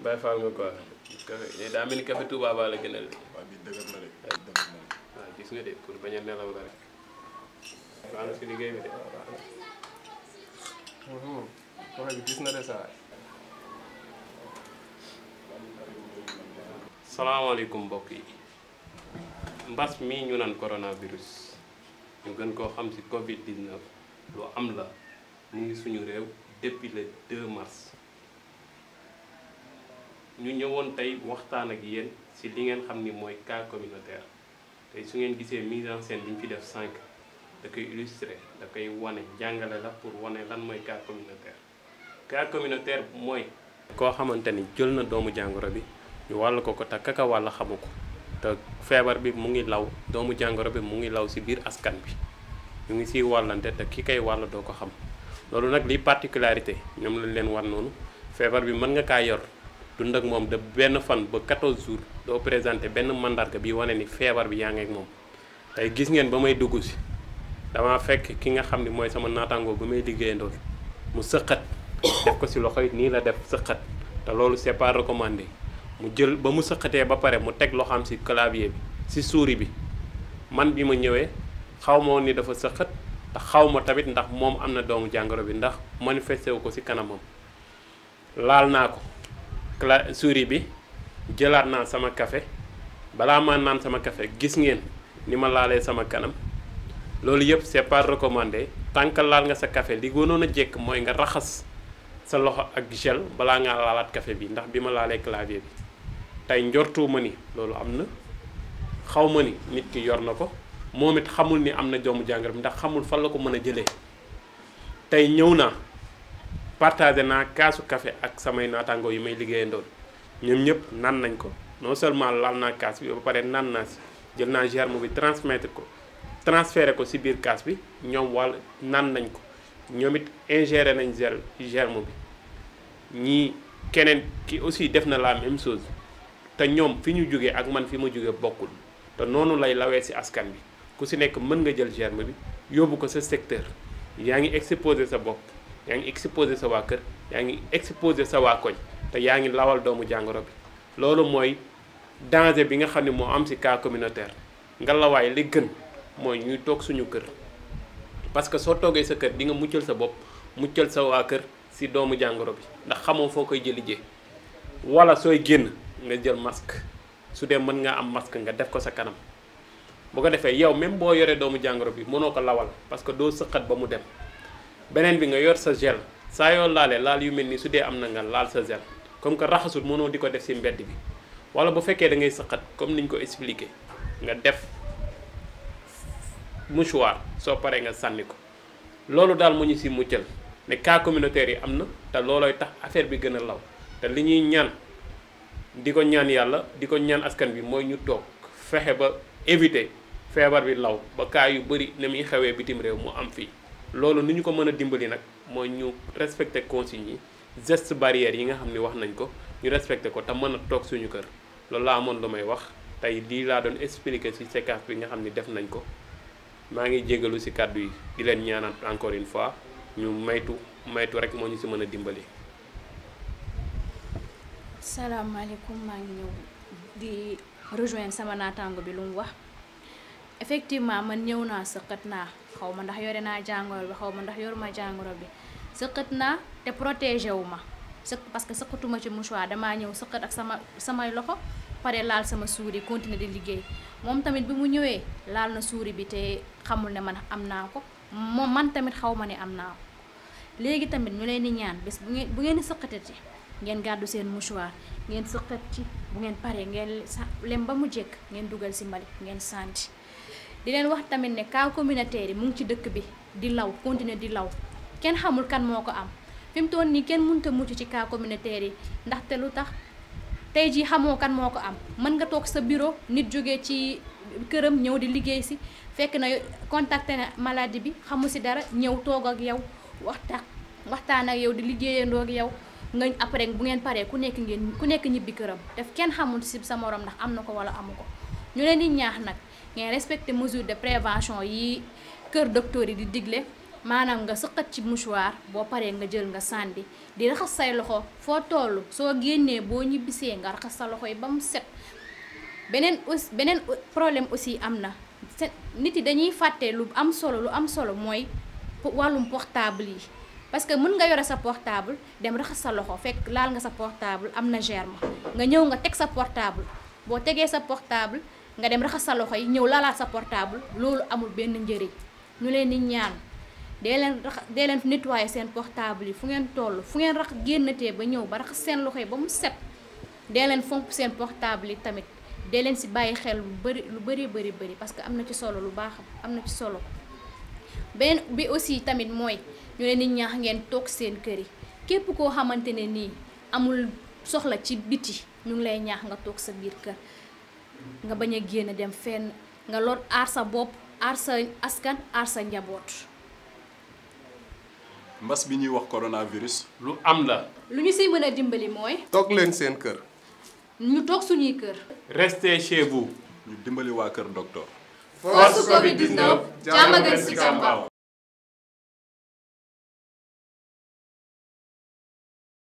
bay fal nga ko café da mel ni café Touba Ba la gënal de waaw bi dëgër na rek dëgër na gis nga de pour nelaw la rek bi de mhm. gis na de yi mbas mii ñu nan coronavirus ñu gën koo xam ci covid 19 lu am la mu ngi suñu depuis le 2 mars ñu ñëwoon tey waxtaan ak yéen ci li ngeen xam ni mooy cas communautaire tey su ngeen gisee mise en sen bi ñu fi def cinq da koy illustrer da koy wane jàngale la pour wane lan mooy cas communautaire cas communautaire mooy koo xamante ni jël na doomu jàngoro bi ñu wàll ko ko te kaka wàll xamu ko te feebar bi mu ngi law doomu jàngoro bi mu ngi law ci biir askan bi ñu ngi ciy wàllante te ki kay wàll doo ko xam loolu nag liy particularité ñoom lañ leen war noonu feebar bi mën nga kaa yor dund ak moom de benn fan ba 14 jours doo présenté benn mandarga bi wane ni feebar bi yaa ngi ak moom tey gis ngeen ba may dugg si dama fekk ki nga xam ni mooy sama naataangoo ba may liggéeyandool mu sëqat def ko si loxo yi nii la def sëqat te loolu c'est pas recommandé mu jël ba mu sëqatee ba pare mu teg loxoom si clavier bi si suuri bi man bi ma ñëwee xaw ma ni dafa sëqat te xaw ma tamit ndax moom am na doomu jàngoro bi ndax manifesté wu ko si kanamam laal naa ko cla souris bi jëlaat naa sama kafe balaa ma naan sama kafe gis ngeen ni ma laalee sama kanam loolu yëpp c'est pas recommandé tant laal nga sa kafe li gënoon a jekk mooy nga raxas sa loxo ak gel balaa ngaa laalaat kafe bi ndax bi ma laalee clavier bi tey njortu ma ni loolu am na xaw ma ni nit ki yor na ko moom it xamul ni am na doomu jàngoro bi ndax xamul fan la ko mën a jëlee tey ñëw naa partagé naa kaasu kafe ak samay naataangoo yi may liggéeyandoon ñoom ñëpp nan nañ ko non seulement laal naa kaas bi ba pare nan naa si jël naa germe bi transmettre ko transféré ko si biir kaas bi ñoom wàll nan nañ ko ñoom it ingéré nañ gel germe bi ñi keneen ki aussi def na la même chose te ñoom fi ñu jógee ak man fi ma jógee bokkul te noonu lay lawee si askan bi ku si nekk mën nga jël germe bi yóbbu ko sa secteur yaa ngi exposé sa bopp yaa ngi exposé sa waa kër yaa ngi exposé sa waa koñ te yaa ngi lawal doomu jàngoro bi loolu mooy danger bi nga xam ne moo am ci cas communautaire nga lawaay li gën mooy ñuy toog suñu kër parce que soo toogee sa kër di nga muccal sa bopp muccal sa waa kër ci doomu jàngoro bi ndax xamoo foo koy jëli jee walla sooy génn nga jël masque su dee mën nga am masque nga def ko sa kanam bu ko defee yow même boo yoree doomu jàngoro bi mënoo ko lawal parce que doo sëqat ba mu dem beneen bi nga yor sa gel saa yoo lal laal yu melni sudé amna nga lal sa gel comme que raxasul mono di def ci bi wala bu féké da ngay saxat comme niñ ko expliquer nga def mouchoir so paré nga sànni ko dal daal mu ñu si muccal ne communautaire yi amna na loloy tax affaire bi gëna law té liñuy ñaan di ñaan yalla di ñaan askan bi moy ñu tok fexé ba éviter bi law ba cas yu bari ne mi bitim rew mu am fi loolu ni ñu ko mën a dimbali nag mooy ñu respecté consignes yi gest barrières yi nga xam ni wax nañ ko ñu respecté ko te mën a toog suñu kër loolu laa amoon lu may wax tey lii laa doon expliqué ci séquence bi nga xam ni def nañ ko maa ngi jégalu ci kàddu yi di leen ñaanal encore une fois ñu maytu maytu rek moo ñu ci mën a dimbali. salaamaaleykum maa ngi ñëw di rejoindre sama naataango bi lu mu wax. effectivement man ñewna naa sëqat naa ndax yoré naa jàngoro bi xawma ndax yoruma jàngoro bi sëqat naa te protégé wu ma parce que sëqatuma ci mouchoir damaa ñëw sëqat ak sama sama loxo paré laal sama souri continuer di liggéey mom tamit bi mu ñëwee laal na souri bi te xamul né man am ko mom man tamit xawma né ne am tamit ñu leen di ñaan bés bu ngeen bu ngeen ci ngeen gaddu seen mouchoir ngeen sëqat ci bu ngeen paré ngeen lem ba mu jekk ngeen dugal ci mbalit ngeen santi di len wax tamit ne cas communautaire mu ngi ci dëkk bi di law continue di law ken xamul kan moko am fim ton ni ken kenn munta ci ka communautaire ndax te lutax tay ji xamoo kan moko am man nga tok sa bureau nit joge ci kërëm ñew di liggéey si fekk na contacté na maladie bi xamu si dara ñew tok ak yow waxtaan waxtaan ak yow di ndo ak yow nga après bu ngeen paré ku nekk ngeen ku nekk ñibbi kërëm def ken xamul si sa morom ndax am ko wala amuko, ñu leen di ñaax nak ngay respecter mesure de prévention yi kër docteur yi di digle maanaam nga sëqat ci mouchoir boo paree nga jël nga sànni di raxas say loxo foo toll soo génnee boo ñibbisee nga raxas sa loxo yi ba mu set beneen aussi beneen problème aussi am na nit yi dañuy fàtte lu am solo lu am solo mooy wàllum portable yi parce que mën nga yore sa portable dem raxas sa loxo fekk laal nga sa portable am na germe nga ñëw nga teg sa portable boo tegee sa portable nga dem raxa sa loxoy ñew la la sa portable lolu amul ben njëriñ ñu leen di ñaan de leen de leen nettoyer sen portable yi fu ngeen toll fu ngeen rax gennete ba ñew ba rax sen loxoy ba mu set de leen fonk sen portable yi tamit de leen si baye xel lu bëri lu bëri bëri bëri parce que amna ci solo lu bax amna ci solo ben bi aussi tamit moy ñu leen di ñaax ngeen tok sen kër yi képp koo xamante amul soxla ci biti ñu ngi lay ñaax nga tok sa bir kër nga bañ a génn dem fenn nga lor aar sa bopp aar sa askan aar sa njaboot. mbas bi ñuy wax coronavirus. lu am la. lu ñu siy mën a dimbali mooy. toog leen seen kër. ñu toog suñuy kër. restez chez vous. ñu dimbali waa kër docteur. force Covid 19 jàmm gën